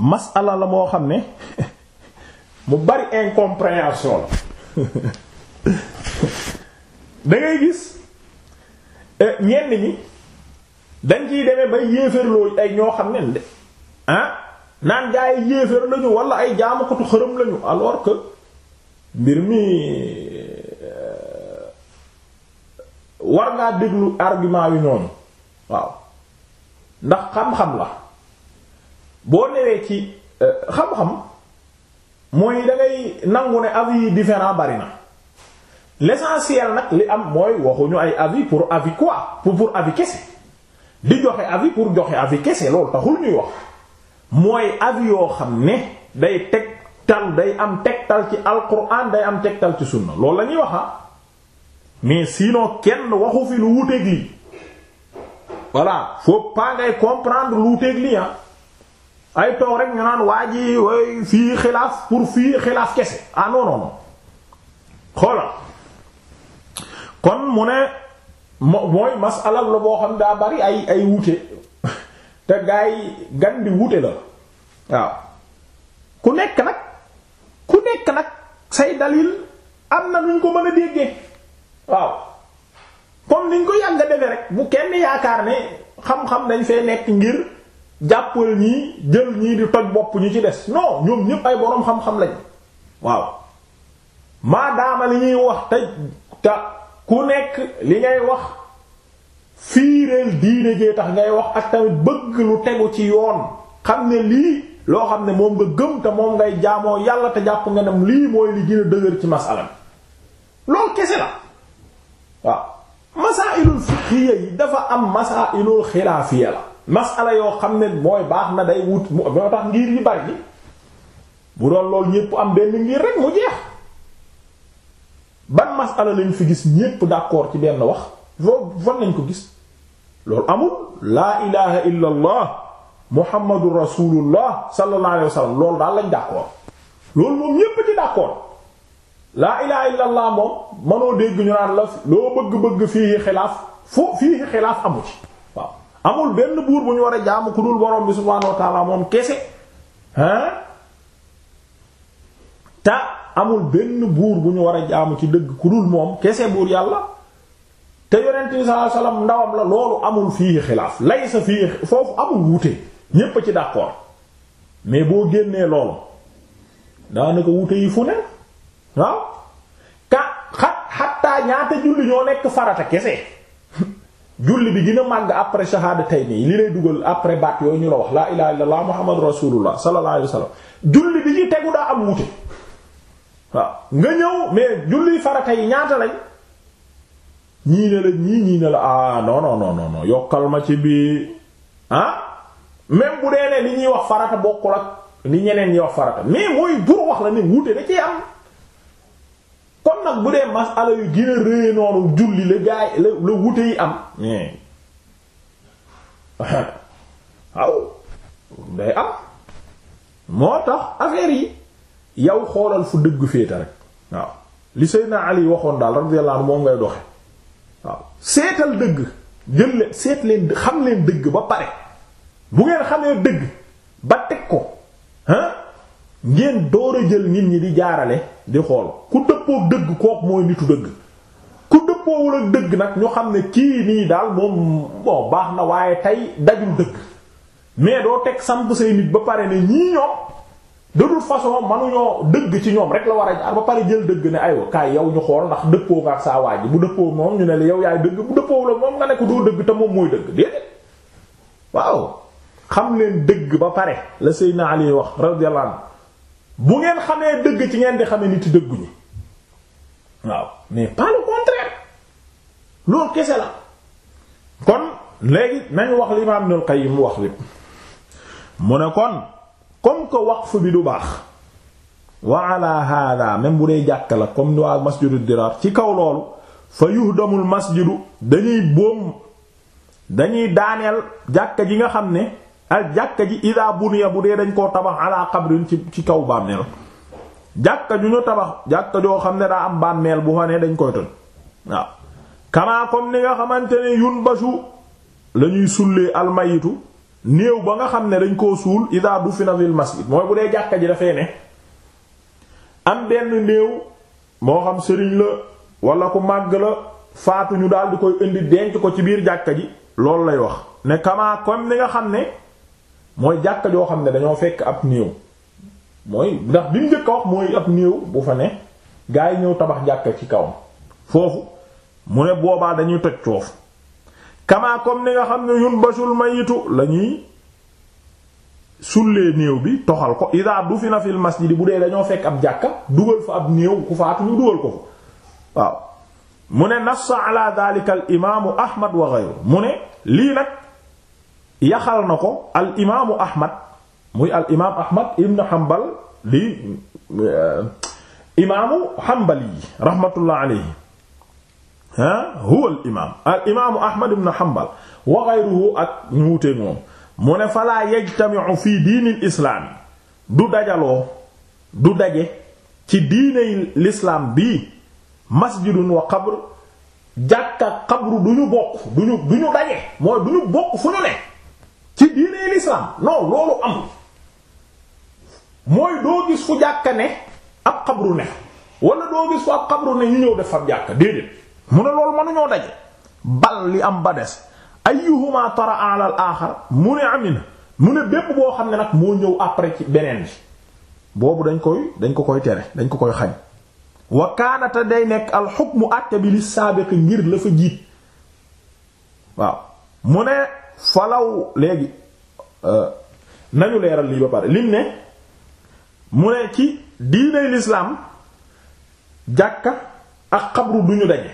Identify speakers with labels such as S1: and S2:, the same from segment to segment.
S1: masala la moo xam ne mu bari incompréhension la da ngay gis eh, ñenn ñi dañ ciy demee bay yéefarloo ay ñoo xam ne de ah naan gaa yi yéefar wala ay jaamukatu xërëm lañu alors que mbir mi eh, war ngaa déglu argument yu ñooñu waaw ndax xam-xam la boo newee ci euh, xam-xam mooy da nangu ne avis yi différent bari na l'essentiel nag li am mooy waxuñu ay avis pour avis quoi pour pour kese di joxe avis pour joxe avis kese loolu taxul ñuy wax mooy avis yoo xam ne day tegtal day am tegtal ci alquran day am tegtal ci sunna loolu lañuy ñuy wax ah. mais sinon kenn waxu fi lu wuteeg lii voilà faut pas ngay comprendre lu wuteeg lii ah. ay toog rek ñu naan waa ji way fii xilaaf pour fii xilaaf kese ah non non xoola kon mu ne mooy masala la boo xam daa bari ay ay wuute te gaa yi gan di wuute la waaw ku nekk nag ku nekk nag say dalil am na nuñ ko mën a déggee waaw comme niñ ko yàgg a defe rek bu kenn yaakaar ne xam-xam dañ fee nekk ngir jàppal ñi jël ñii di toj bopp ñu ci des non ñoom ñépp ay boroom xam-xam lañ waaw maadaama li ñuy wax te te ku nekk li ngay wax fiireel diine jee tax ngay wax ak tamit bëgg lu tegu ci yoon xam ne lii loo xam ne moom nga gëm te moom ngay jaamoo yàlla te jàpp nga dem lii mooy li gën dëgër ci masala bi loolu kese la waaw masaa ilul fiqhiyya yi dafa am masaa ilul xilaafiya la masala yoo xam ne mooy baax na day wut moo tax ngir yi bari gi bu doon loolu ñépp am benn ngir rek mu jeex ban masala lañ fi gis ñépp d'accord ci benn wax foo fan lañ ko gis loolu amul laa ilaha illa allah muhammadu rasulullah sallallahu alayhi wa sallam loolu daal lañ d'accord loolu moom ñépp ci d'accord laa ilaha illa moom mënoo dégg ñu naan la loo bëgg-bëgg fii xilaaf fo fii xilaaf amu amul benn buur bu ñu war a jaamu ku dul borom bi subhaanahu wa moom kese hein te amul benn buur bu ñu war a jaamu ci dëgg ku dul moom kese buur yàlla te yonent bi sallallahu alayhi wasallam ndawam la loolu amul fii xilaaf laysa fii foofu amul wuute ñépp a ci d'accord mais boo génnee loolu daanaka wuute yi fu ne waaw ka xat xattaa ñaata julli ñoo nekk farata kese julli bi gën a màgg après shahada tay nii li lay dugal après baat yooyu ñu la wax laa ilaha illallah muhammad rasulullah sallallahu alayhi wasallam julli bi ci tegu daa am wuute nga ñëw mais julli farata yi ñaata lañ ñii ne la ñii ñii la ah non non non yokkal ma ci bii ah même bu dee ne li ñuy wax farata bokk ak li ñeneen ñi wax farata mais mooy bur wax la ne wuute da ciy am. kon nag bu dee masala yu gën a rëy noonu julli la gaay la la wute yi am hmm. waaw day am moo tax affaire yi yow xoolal fu dëgg féete rek waaw li Seydina Ali waxoon daal radiyallahu anhu moom ngay doxe waaw seetal dëgg jël leen seet leen xam leen dëgg ba pare bu ngeen xamee dëgg ba teg ko ngeen door a jël nit ñi di jaarale di xool ku dëppoo dëgg kook mooy nitu dëgg ku dëppoowul ak dëgg nag ñu xam ne kii nii daal moom bon baax na waaye tey dajul dëgg mais doo teg samp say nit ba pare ne ñii ñoom de toute façon manuñoo dëgg ci ñoom rek la war a jaar ba pare jël dëgg ne aywa kaay yow ñu xool ndax dëppoo nga ak saa waaj bu dëppoo moom ñu ne la yow yaay dëgg bu dëppoowul moom nga ne ko doo dëgg te moom mooy dëgg déedéet waaw xam leen dëgg ba pare la Seydina Ali wax radiyallahu anhu bu ngeen xamee dëgg ci ngeen di xamee nit dëgguñu waaw mais pas le contraire loolu kese la kon léegi nañ wax li kay Ibnul Qayyim wax li mu ne kon comme wax waqf bi du baax wa ala hada même bu dee jàkk la comme ni waa masjidu dirar ci kaw loolu fa yuhdamul masjidu dañuy boom dañuy daaneel jàkka ji nga xam ne al jàkka ji ida buniya bu dee dañ koo tabax ala qabrin ci ci kaw bàmmeel jàkka ju ñu tabax jàkka joo xam ne daa am bàmmeel bu fa ne dañ koy toj waaw kamaa ni nga xamante ne yun basu la ñuy sullee almayitu néew ba nga xam ne dañ koo suul ida dufina fil masjid mooy bu dee jàkka ji dafay ne am benn néew moo xam sëriñ la wala ku màgg la faatu ñu daal di koy indi denc ko ci biir jàkka ji loolu lay wax ne kamaa ni nga xam ne mooy jàkka joo xam ne dañoo fekk ab néew mooy ndax bi mu njëkk wax mooy ab néew bu fa ne gaa yi ñëw tabax jàkka ci kawam foofu mu ne boobaa dañuy toj foofu kamaa comme ni nga xam ne yun basul mayitu lañuy sule néew bi toxal ko ida du fi na fil bu dee dañoo fekk ab jàkka dugal fa ab néew ku faatu ñu dugal ko fa waaw mu ne nassa ala dhalika al imaamu ahmad wa ghayru mu ne lii nag yaxal na ko al imaamu Ahmad muy al imaam Ahmad ibn Hanbal li eh, imaamu Hanbali rahmatullah alayhi huwa al imaam al imaamu Ahmad ibn Hanbal wa ghayruhu ak ñu wuteeg moom mu ne falaa yajtami'u fi diinil islaam du dajaloo du daje ci diiney lislaam bi masjidun wa qabr jàkka qabru du ñu bokk du ñu daje mooy du ñu bokk fu ñu ne. ci diinee l'islam non loolu amul mooy doo gis fu jàkka ne ab xabru ne wala doo gis fu ab xabru ne ñu ñëw def ab jàkka déedéet mu ne loolu mënuñoo daje bal li am ba des ayyuhuma tara ala al axar mu ne amina mu ne bépp boo xam ne nag moo ñëw après ci beneen bi boobu dañ koy dañ ko koy tere dañ ko koy xañ wa day nekk al xukmu àtte bi li saabiq ngir la fa jiit waaw mu ne falaw léegi euh, nañu leeral lii ba pare lim ne mu ne ci diiney lislaam jàkka ak xabru duñu daje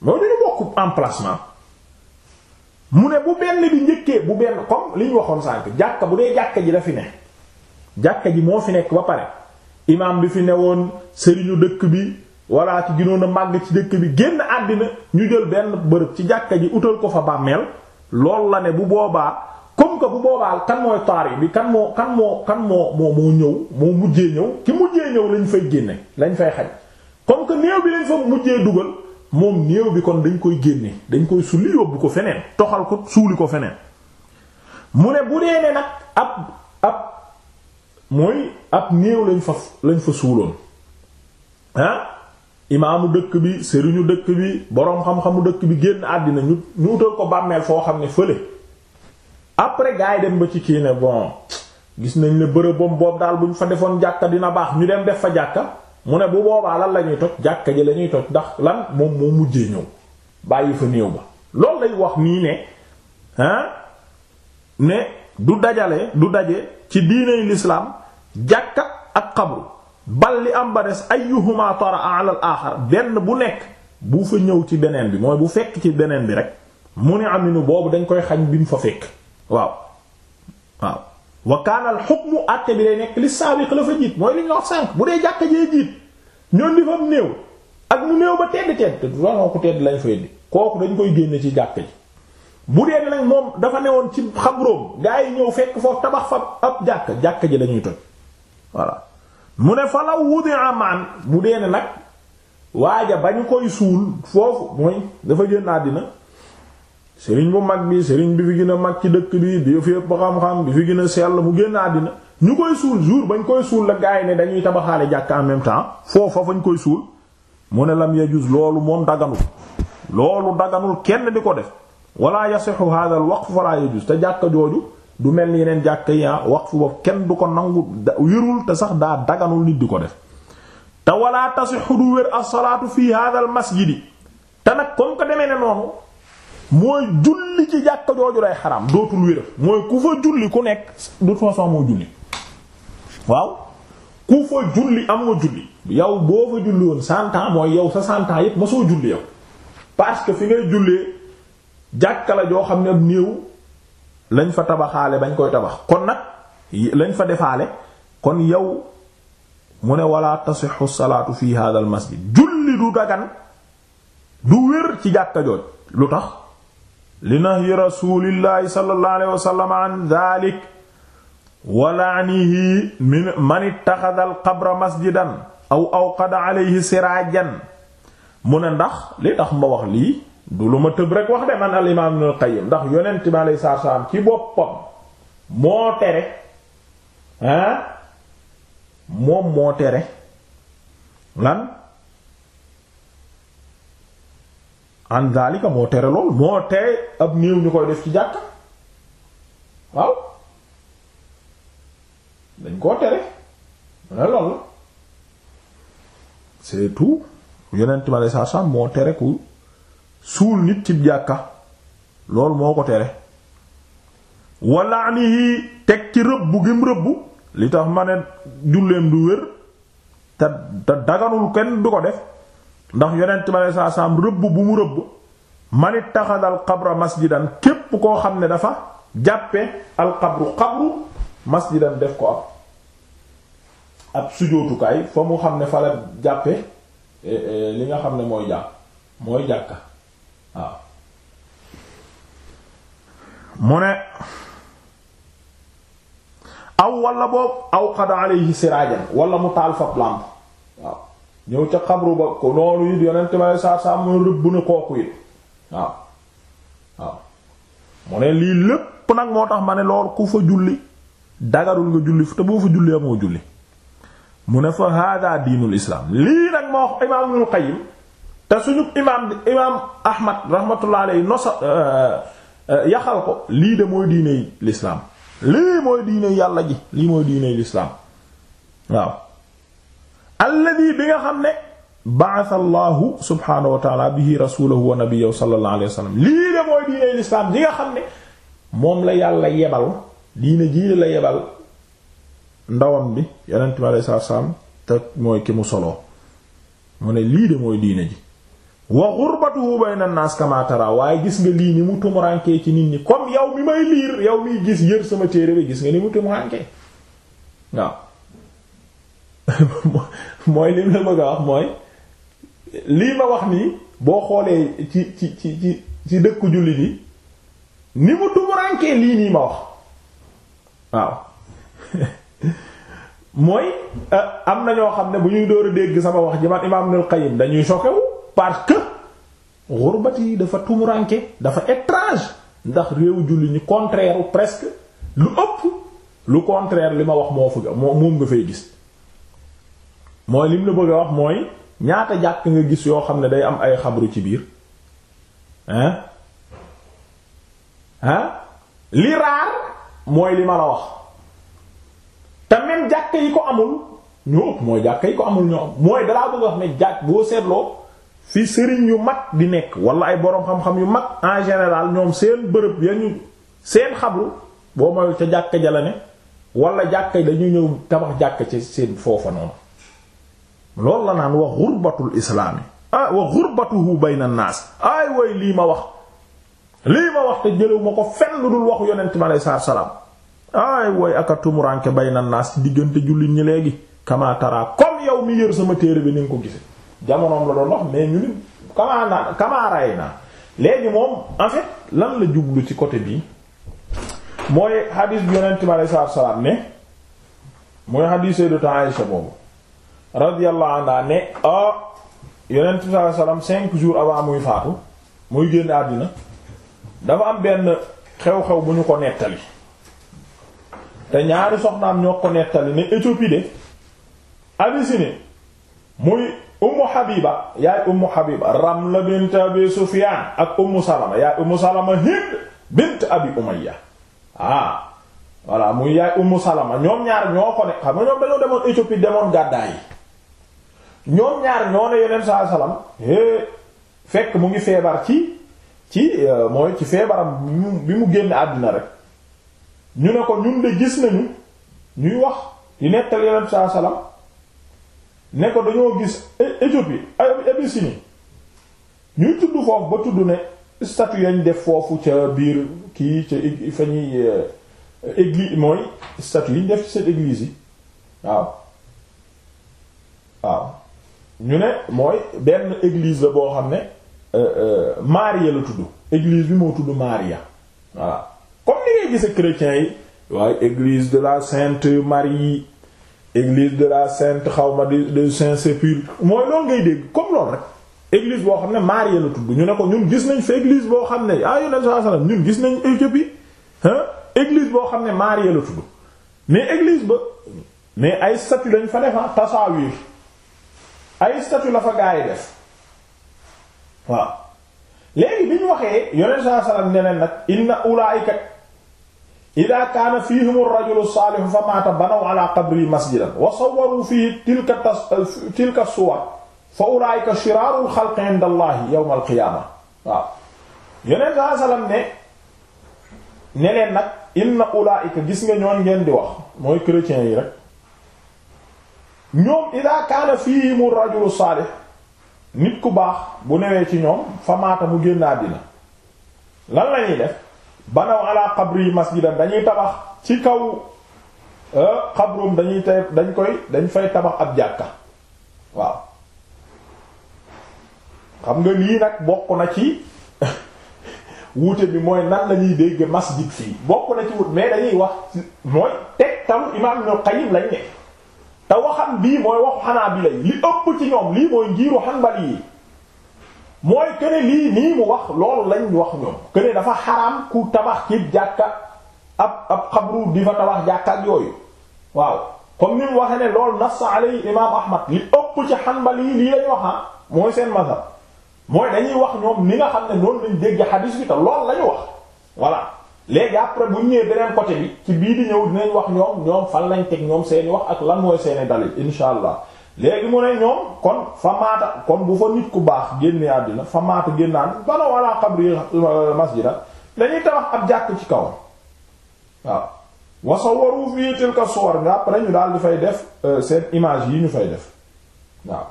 S1: mooy duñu bokk emplacement mu ne bu benn bi njëkkee bu benn comme liñ waxoon sànk jàkka bu dee jàkka ji dafi ne jàkka ji moo fi nekk ba pare imaam bi fi newoon sëriñu dëkk bi walla ci ginoon a màgg ci dëkk bi génn àddina ñu jël benn bërëb ci jàkka ji utal ko fa bàmmeel loolu la ne bu boobaa comme que bu boobaa kan mooy taar bi kan moo kan moo kan moo moo moo ñëw moo mujjee ñëw ki mujjee ñëw lañ fay génne lañ fay xaj comme que néew bi lañ fa mujjee dugal moom néew bi kon dañ koy génne dañ koy sulli yóbbu ko feneen toxal ko suuli ko feneen mu ne bu dee ne nag ab ab mooy ab néew lañ fa lañ fa suuloon imaamu dëkk bi sëriñu dëkk bi boroom xam-xamu dëkk bi génn àddina ñu ñu utal ko bàmmeel foo xam ne fële après gars dem ba ci kii ne bon gis nañ ne bërëbam boobu daal bu ñu fa defoon jàkka dina baax ñu dem def fa jàkka mu ne bu boobaa la ñuy toj jàkka ji la ñuy toj ndax lan moom moo mujjee ñëw bàyyi fa néew ba loolu lay wax nii ne ah ne du dajale du daje ci diiney lislaam jàkka ak xabru bal li am ba des ayyuhuma tara ala al-axar benn bu nekk bu fa ñëw ci beneen bi mooy bu fekk ci beneen bi rek mu ne aminu boobu dañ koy xañ bi mu fa fekk waaw waaw wa kaana al hukmu àtte bi day nekk li saabiq la fa jiit mooy li ñu wax sànq bu dee jàkka jee jiit ñoon di fam néew ak mu néew ba tedd tedd te duanoo ko tedd lañ fa yeddi kooku dañ koy génne ci jàkka ji bu dee nag moom dafa newoon ci xabroom gaa yi ñëw fekk foofu tabax fa ab jàkk jàkk ji lañuy toj mu ne falaw law wudi amaan mu dee ne nag waaja ba ñu koy suul foofu mooy dafa génn àddina sëriñ bu mag bi sëriñ bi fi gën a mag ci dëkk bi bi fi ëpp xam-xam bi fi gën a sell mu génn àddina ñu koy suul jour bañ koy suul la gaay ne dañuy tabaxaale jàkk en même temps foofa fañ koy suul mu ne lam yajuz loolu moom daganul loolu daganul kenn di ko def wala yasixu hadha al waqf wala yajuz te jàkka jooju du mel ni yeneen jàkk yi ah, waqf boobu kenn du ko nangu wérul te sax daa daganul nit di ko def te wala tasixu du wér as-salaatu fi hadha al-masjidi te nag comme que demee ne noonu mooy julli ci jàkka jooju lay xaram dootul wér mooy ku fa julli ku nekk de toute façon moo julli waaw ku fa julli am julli yow boo fa julli woon cent mooy yow sa cent ans yépp ma soo julli yow parce que fi ngay jullee jàkka la joo xam ne néew lañ fa tabaxaale bañ koy tabax kon nag lañ fa defaale kon yow mu ne wala tasixu salaatu fi hada al masjid julli du dagan du wér ci jàkka jooj lu tax li nahyi rasulillahi sallallahu alayhi wa sallam an dhalik wa la'nihi min man ittaxada al qabra masjidan aw awqada alayhi siraajan mu ne ndax li tax ma wax lii du lu ma tëb rek wax de man al imaam Ibnul ndax yonent bi alayhi salaatu salaam ci boppam moo tere moom moo tere lan an zalika moo lool moo tere ab néew ñu koy def ci jàkk waaw dañ koo tere mu ne lool c'est tout yonent bi alayhi salaatu salaam moo tere ku suul nit ci jàkka loolu moo ko tere walla anihi teg ci rëbb gim rëbb li tax ma ne julleem du wér te te daganul kenn du ko def ndax yonent bi aleyhi salaatu rëbb bu mu rëbb man ittaxada al qabra masjidan képp koo xam ne dafa jàppe al qabru qabru masjidan def ko ab ab sujootukaay fa mu xam ne fa la jàppe eh, eh, li nga xam ne mooy jàpp mooy jàkka waaw mu ne aw wala boobu aw qada alayhi siraajan wala mu taal fab làmp waaw ñëw ca xabru ba ko noonu it yonent ba saa saa mu rëbb na kooku it waaw waaw mu ne lii lépp nag moo tax ma ne loolu ku fa julli dagarul nga julli te boo fa julli amoo julli mu ne fa hada diinul islaam lii nag moo wax imaam te suñu imaam imaam Ahmad rahmatullah alayhi nosa euh, euh, yaxal ko lii de mooy diine l'islam lii mooy diine yàlla ji lii mooy diine l'islam waaw alladi bi nga xam ne ba'atha allahu subhaanahu wa ta'ala bihi rasulahu wa nabiyyu sallallahu lii de mooy diine l'islam ji nga xam ne moom la yàlla yebal diine jii la yebal ndawam bi yonent bi alayhi salaam te mooy ki mu solo mu ne lii de mooy diine ji wa ghurbatuhu bayna an-nas kama waaye gis nga lii ni mu tumurankee ci nit ñi comme yow mi may liir yow miy gis yër sama téere bi gis nga ni mu tumurankee waaw mooy li mu a wax mooy lii ma wax nii boo xoolee ci ci ci ci ci dëkku jullit yi lii nii ma wax eh, am na ñoo xam ne bu ñuy door a dégg sama wax ji man imaam Ibnul dañuy choqué parce que xurbat yi dafa tumuranke dafa étrange ndax réew julli ñi contraire presque lu ëpp lu contraire li ma wax moo fu moom nga fay gis mooy lim la bëgg a wax mooy ñaata jàkk nga gis yoo xam ne day am ay xabru ci biir hein hein li raar mooy li ma la wax te même jàkk yi ko amul ñu ëpp mooy jàkk yi ko amul ñoo am mooy dalaa bëgg a wax ne jàkk boo seetloo fi sëriñ yu mag di nekk wala ay boroom xam-xam yu mag en general ñoom seen bërëb ya ñu seen xabru boo moyul ca jàkka ja la ne jàkka yi dañu ñëw tabax jàkka ci seen foofa noonu loolu la naan wax xurbatul islaami ah wa xurbatuhu bayna naas ay way lii ma wax lii ma wax te jëlew ma ko fenn dul waxu yonent mi aley salaam ay way aka tumuranke bayna naas ci diggante jullit ñi léegi kama tara yow mi yër sama téere bi ni nga ko gise jamonoom la doon wax mais ñu nit kamaana kamaaray na moom en lan la jublu ci côté bii mooy xadiis bi yonent bi alei salaatu salaam ne mooy xadiis Sayyidatu Aïsha boobu radiyallahu ah, avant muy faatu muy génn àddina dafa am benn xew-xew bu ñu ko nettali te ñaari soxnaam ñoo ko nettali ne Éthiopie de Abyssinie muy ummu Habiba yaay ummu Habiba Ramla bint Abi Sufyan ak ummu Salama yaay ummu Salama Hind bint Abi Umayya ah voilà muy yaay ummu Salama ñoom ñaar ñoo ko ne xam nga ñoom dañoo demoon Éthiopie demoon gàddaa yi ñoom ñaar ñoo ne yeneen saa salaam hee fekk mu ngi feebar ci ci euh, mooy ci feebaram bi mu génn àddina rek ñu ne ko ñun de gis nañu ñuy wax di nettal yeneen saa salaam. ne ko dañoo gis Éthiopie Abyssinie ñuy tudd foofu ba tudd ne statue yañ def foofu ca biir kii ca fa ñuy euh, église mooy statue yiñ def ci seen église yi waaw waaw ñu ne mooy benn église la boo xam ne euh, euh, Maria la tudd église bi moo tudd Maria voilà comme ni ngay gise chrétiens yi waaye église de la Sainte Marie église de la sainte xawma de de Saint-Sépulcre mooy loolu ngay dégg comme loolu rek église boo xam ne Marie la tudd ñu ne ko ñun gis nañ fa église boo xam ne ah yonent sallallahu alayhi wasallam ñun gis nañ Éthiopie hein eglise boo xam ne Marie la tudd mais église ba mais ay statue lañ fa def ah tasaawiir ay statue la fa gaa yi def waaw léegi bi ñu waxee yonent sallallahu alayhi wasallam ne nag inna ulaa'ika ida kaana fihim rajulu saalihu fa maata banaw ala qabri masjidan wa sawwaru fihi tilka tilka suwar fa ulaa'ika shiraarul xalqi inda allahi qiyaama waaw yeneen saa salaam ne ne leen nag inna ulaa'ika gis nga ñoon ngeen di wax mooy chrétiens yi rek ñoom ida kaana fihim rajulu saalih nit ku baax bu newee ci ñoom fa maata mu génn àddina lan lañuy def banaw ala qabri masjidan dañuy tabax ci kaw xabrum euh, dañuy tay dañ koy dañ fay tabax ab jàkka waaw xam nga lii nag bokk na ci wuute bi mooy nan la ñuy dégg masjid fii bokk na ci wut mais dañuy wax mooy teg taw imaam Ibn Qayyim lañ ne te waxam bii mooy waxu Hanaabila yi li ëpp ci ñoom lii mooy ngiiru Hanbali yi mooy këne lii nii mu wax loolu lañ wax ñoom këne dafa xaraam ku tabax ci jàkka ab ab xabru di fa tabax jàkka ak yooyu waaw kon ni mu waxee ne loolu nas alay imaam ahmad li ëpp ci xanbali yi lii lañ wax ah mooy seen mazhab mooy dañuy wax ñoom ni nga xam ne noonu lañ dégg xadiis bi te lool lañu wax voilà léegi après bu ñu ñëwee beneen côté bi ci bii di ñëw dinañ wax ñoom ñoom fan lañ teg ñoom seeni wax ak lan mooy seeni dalil insha allah léegi mu ne ñoom kon fa maata kon bu fa nit ku baax génnee àddina fa maata naan bana wala xabri masjida dañuy tabax ab jàkk ci kaw waaw wasawaru fii tilka suwar nga après ñu daal di fay def euh, seen image yi ñu fay def waaw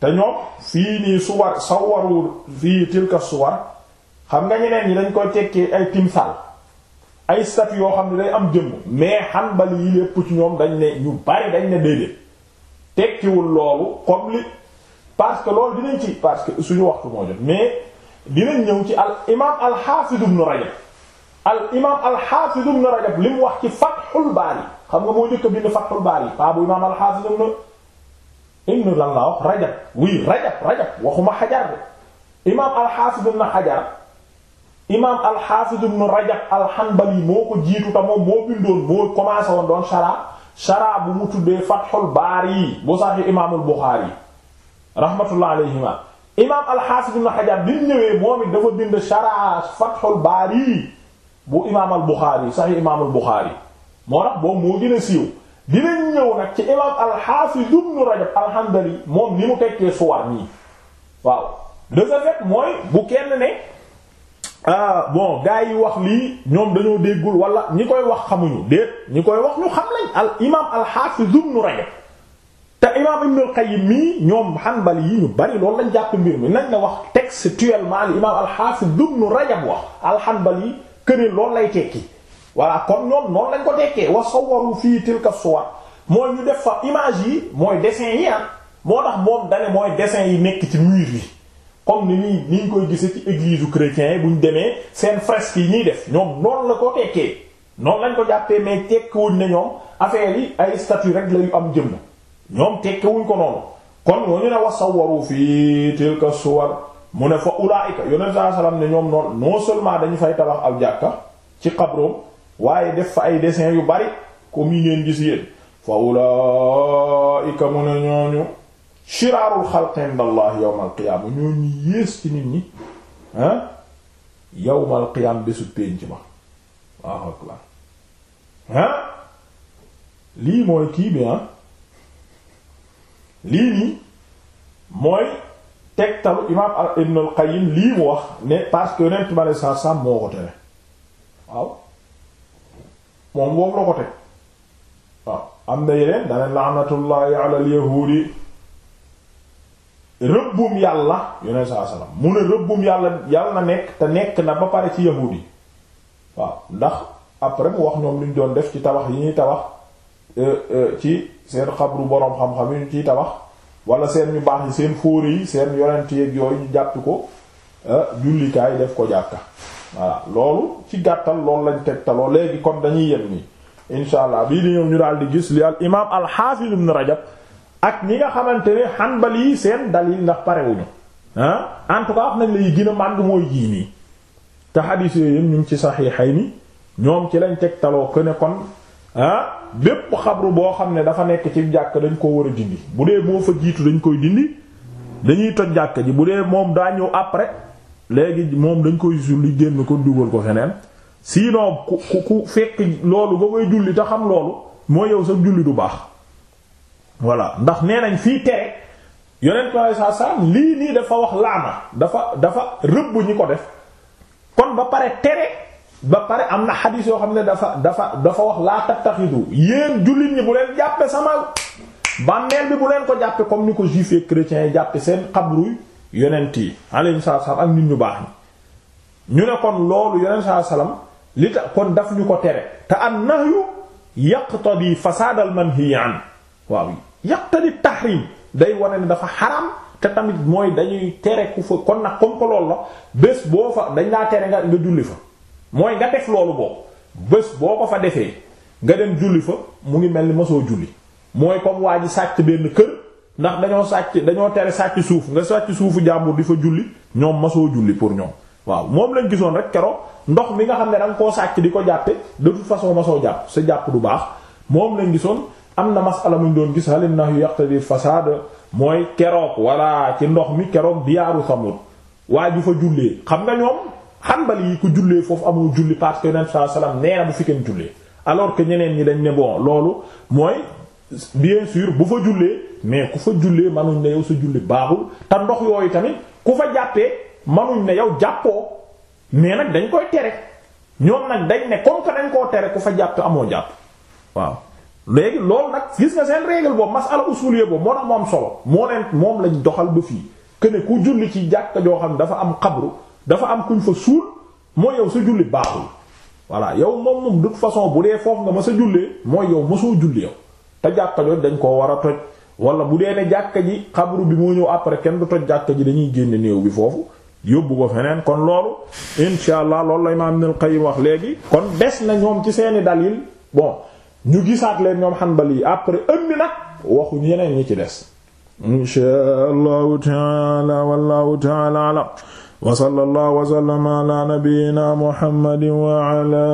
S1: te ñoom fii nii suwar sawaru fii tilka suwar xam nga ñeneen ñi dañ koy tekkee ay timsal ay statue yoo xam ne day am jëmm mais Hanbali yi lépp ci ñoom dañ ne ñu bari dañ ne déedéet tekkiwul loolu comme parce que loolu dinañ ci parce que suñu waxtu moo jot mais dinañ ñëw ci al imaam al xaafid ibn rajab al wax ci fathul baari xam nga moo njëkk a bind fathul baari paa bu imaam al xaafid ibn ibn lan la wax rajab oui rajab rajab waxuma xajar de imaam al xaafid ibn xajar imaam al xaafid ibn rajab al hanbali moo ko jiitu te moom moo bindoon moo commencé woon doon sharah sharab bu mu tuddee Fathul Baari bu saxi imaamul Buxaari rahmatullah alayhima imaam al-Hafiz ibn Hajar ñëwee moom it dafa bind sharab Fathul Baari bu imaamal Buxaari saxi imaam al-Hafiz ibn Rajab al-Hanbali moom ni mu waaw de ce mooy bu kenn ne. ah bon gars yi wax lii ñoom dañoo déggul wala ñi koy wax xamuñu déet ñi koy wax ñu xam lañ al imaam al hafiz ibn Rajab te imaam ibn al Qayyim mii ñoom hanbali yi ñu bari lool lañ jàpp mbir mi nañ la wax textuellement li imaam al hafiz ibn Rajab wax al hanbali këne loolu lay tekki voilà kon ñoom noonu lañ ko tekkee wax sawwaru fii tilka suwar mooy ñu def fa image yi mooy dessin yi ah moo tax moom dane mooy dessin yi nekk ci mur yi comme ni ñuy ni ñu koy gisee ci église chrétien yi bu ñu demee seen fresque yi ñuy def ñoom noonu la koo tekkee noonu lañ ko jàppee mais tekkiwuñ ne ñoom affaire yi ay statue rek la am jëmm ñoom tekkiwuñ ko noonu kon ñooñu ne wasawaru fii tilka suwar mu ne fa ulaayika yonent saa salaam ne ñoom noonu non seulement dañu fay tabax ab jàkka ci xabroom waaye def fa ay dessins yu bari comme yi ngeen gis yéen fa ulaayika mu ne ñooñu. shiraarul xalqi inda allah yawmal qiyaama ñoo yées ci nit ñi ah yawmal qiyaama bésu pénc ba waaw akbar ah lii mooy kii lii nii mooy tegtalu imaam al ibn al qayyim lii mu wax ne parce que yonent bi alei satu moo ko tere waaw moom boobu la ko am na yeneen daneen laanatullahi ala al yahudi rëbbum yàlla yoneen saa salaam mu ne rëbbum yàlla yàlla na nekk te nekk na ba pare ci yahuud yi waaw ndax après mu wax ñoom lu ñu doon def ci tabax yi ñuy tabax euh, euh, ci seen xabru boroom xam-xam yi ñu ciy tabax wala seen ñu baax yi seen fóore yi seen yonent yeeg yooyu ñu jàpp ko euh, jullikaay def ko jàkka voilà loolu ci gàttal loolu lañ taloo léegi comme dañuy yem nii insha allah bii di ñëw ñu daal di gis li al imaam al xaafis ibn rajab ak ñi nga xamante ne xanbal yi seen dalil ndax parewuñu ah en tout cas wax nañ la yi gën a mooy jii nii te xadiis yooyu ñu ngi ci saxiixayni ñoom ci lañ teg taloo ko ne kon ah bépp xabru boo xam ne dafa nekk ci jàkk dañ ko war a dindi bu dee moo fa jiitu dañ koy dindi dañuy toj jàkk ji bu dee moom daa ñëw après léegi moom dañ koy julli génn ko dugal ko feneen sinon ku ku fekk loolu nga koy julli te xam loolu moo yow sa julli du baax. voilà ndax nee nañ fii tere yonent bi alei salaam lii nii dafa wax laana dafa dafa rëbb ñi ko def kon ba pare tere ba pare am na xadiis yoo xam ne dafa dafa dafa wax laa tattaxidu yéen jullit ñi bu leen jàppe sama bàmmeel bi bu leen ko jàppee comme ni ko juifs et chrétiens yi jàppe seen xabru yonent yi alayhi salaam ak nit ñu baax ñi ñu ne kon loolu yonent salaam li tax kon daf ñu ko tere te an nahyu yaqtadi fasaadal manhiyan waaw yaqtadi tahrim day wane ni dafa xaram te tamit mooy dañuy tere ku fa kon nag comme que loolu la bés boo fa dañ laa tere nga nga julli fa mooy nga def loolu boobu bés boo ko fa defee nga dem julli fa mu ngi mel ni mosoo julli mooy comme waa ji sàcc benn kër ndax dañoo sàcc dañoo tere sàcc suuf nga sàcc suufu jàmbur di fa julli ñoom mosoo julli pour ñoom waaw moom lañ gisoon rek keroog ndox mi nga xam ne da nga koo sàcc di ko jàppe de toute façon mosoo jàpp sa jàpp du baax moom lañ gisoon. am na masala muñ doon gis halin nahyu yaqtadi fasaad mooy keroog walla ci ndox mi keroog diyaaru samut waa ju fa jullee xam nga ñoom xanbali yi ku jullee foofu amul julli parce que yonent nee na bu fi kenn jullee alors que ñeneen ñi dañ ne bon loolu mooy bien sûr bu fa jullee mais ku fa jullee manuñ ne yow sa julli baaxul te ndox yooyu tamit ku fa jàppee manuñ ne yow jàppoo mais nag dañ koy tere ñoom nag dañ ne comme que dañ koo tere ku fa jàpp amoo jàpp léegi loolu nag gis nga seen règle boobu masala usuliyya boobu moo tax moom solo moo leen moom lañ doxal ba fii que ku julli ci jàkka joo xam ne dafa am xabru dafa am kuñ fa suul moo yow sa julli baaxul voilà yow moom moom de façon bu dee foofu nga ma sa jullee mooy yow mosoo julli yow te jàkka joo dañ koo war a toj wala bu dee ne jàkka ji xabru bi moo ñëw après kenn du toj jàkka ji dañuy génne néew bi foofu yóbbu ko feneen kon loolu insha allah loolu la imaam Ibn al-Qayyim wax léegi kon des na ñoom ci seeni dalil bon ñu gisaat leen ñoom xanbali yi après ëndi nag waxu yeneen ñi ci des inshaa allahu taala wallahu taala alam wa sallallahu wa sallama ala nabiyyina muhammadin wa ala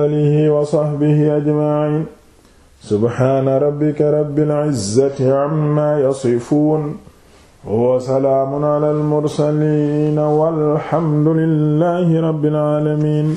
S1: alihi wa sahbihi ajma'in subhana rabbika rabbil izzati amma yasifun wa salaamun ala al mursalin walhamdulillahi rabbil alamin